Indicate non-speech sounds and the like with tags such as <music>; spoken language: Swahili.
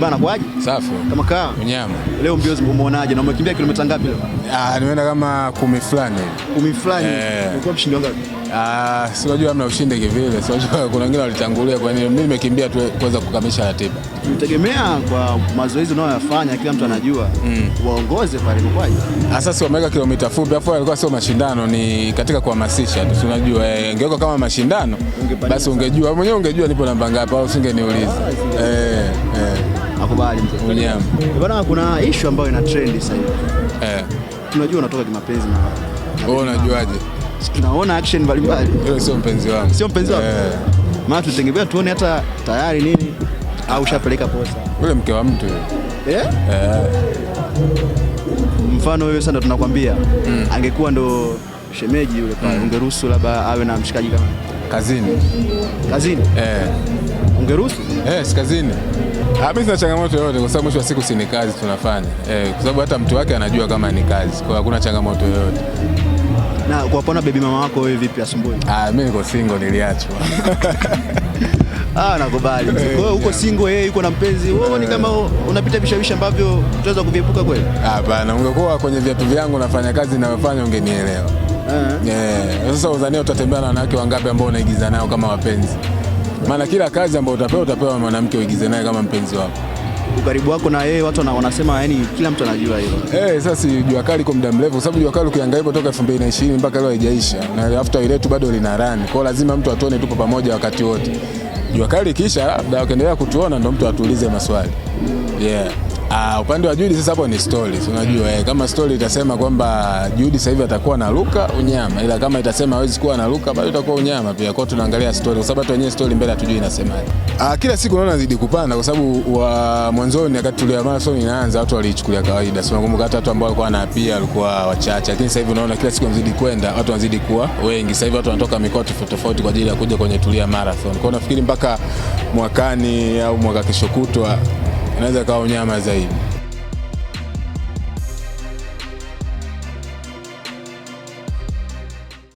Bana mm. kwaje? Safi. Kama kaa. Unyama. Leo mbio zimeonaje na umekimbia kilomita ngapi leo? Ah, nimeenda kama kumi fulani. Kumi fulani. Eh. Ulikuwa mshindi wangapi? Ah, si unajua mna ushindi kivile. Si unajua <laughs> kuna wengine walitangulia kwa nini mimi nimekimbia tu kuweza kukamilisha ratiba. Tulitegemea kwa mazoezi unayoyafanya kila mtu anajua mm. waongoze pale kwaje? Sasa si wameweka kilomita fupi afu alikuwa sio mashindano ni katika kuhamasisha Si Unajua eh, ingeweka kama mashindano basi ungejua mwenyewe ungejua nipo namba ngapi au usingeniuliza. Ah, eh, eh nakubali mzee eh, Bwana, kuna issue ambayo ina trend sasa hivi. Eh. Tunajua unatoka kimapenzi na wewe. unajuaje? Tunaona action mbalimbali. Wewe sio mpenzi wangu. Sio mpenzi wangu. Eh. Maana tutengebea tuone hata tayari nini au ushapeleka posa. Yule mke wa mtu Eh? Eh. Mfano wewe sasa ndo tunakwambia mm. Angekuwa ndo shemeji yule pale mm. Ungeruhusu labda awe na mshikaji kama kazini? Kazini? Eh. Ungeruhusu? Eh, si kazini. Ah, mi sina changamoto yoyote kwa sababu mwisho wa siku si ni kazi tunafanya eh, kwa sababu hata mtu wake anajua kama ni kazi, kwa hakuna changamoto yoyote. Na kwa kuona bebi mama wako wewe vipi asumbui? Ah, mimi niko single niliachwa. <laughs> Ah, nakubali. Eh, kwa hiyo uko single, yeye yuko na mpenzi. Wewe ni eh. kama unapita vishawishi ambavyo utaweza kuviepuka kweli? Hapana, ungekuwa kwenye viatu vyangu nafanya kazi inayofanya ungenielewa. Eh. eh sasa uzania utatembea na wanawake wangapi ambao unaigiza nao kama wapenzi? maana kila kazi ambayo utapewa utapewa mwanamke uigize naye kama mpenzi wako, ukaribu wako na yeye. Watu wanasema yani, kila mtu anajua hilo eh. Sasa si jua kali kwa muda mrefu, kwa sababu jua kali ukiangalia toka 2020 mpaka leo haijaisha, na after ile tu bado lina rani kwao, lazima mtu atuone tupo pamoja wakati wote. Jua kali kisha labda ukiendelea kutuona, ndo mtu atuulize maswali yeah. Uh, upande wa Judy sasa hapo ni stories, unajua eh, kama story itasema kwamba Judy sasa hivi atakuwa na Luka unyama, ila kama itasema hawezi kuwa na Luka bado itakuwa unyama pia. Kwa tunaangalia story kwa sababu hata story mbele hatujui inasemaje. Ah, kila siku naona zidi kupanda kwa sababu wa mwanzo ni wakati tulio marathon inaanza watu walichukulia kawaida. Sio ngumu hata watu ambao walikuwa na pia walikuwa wachache. Lakini sasa hivi unaona kila siku mzidi kwenda, watu wanazidi kuwa wengi. Sasa hivi watu wanatoka mikoa tofauti tofauti kwa ajili ya kuja kwenye tulia marathon. Kwa nafikiri mpaka mwakani au mwaka kesho kutwa naweza kawa unyama zaidi.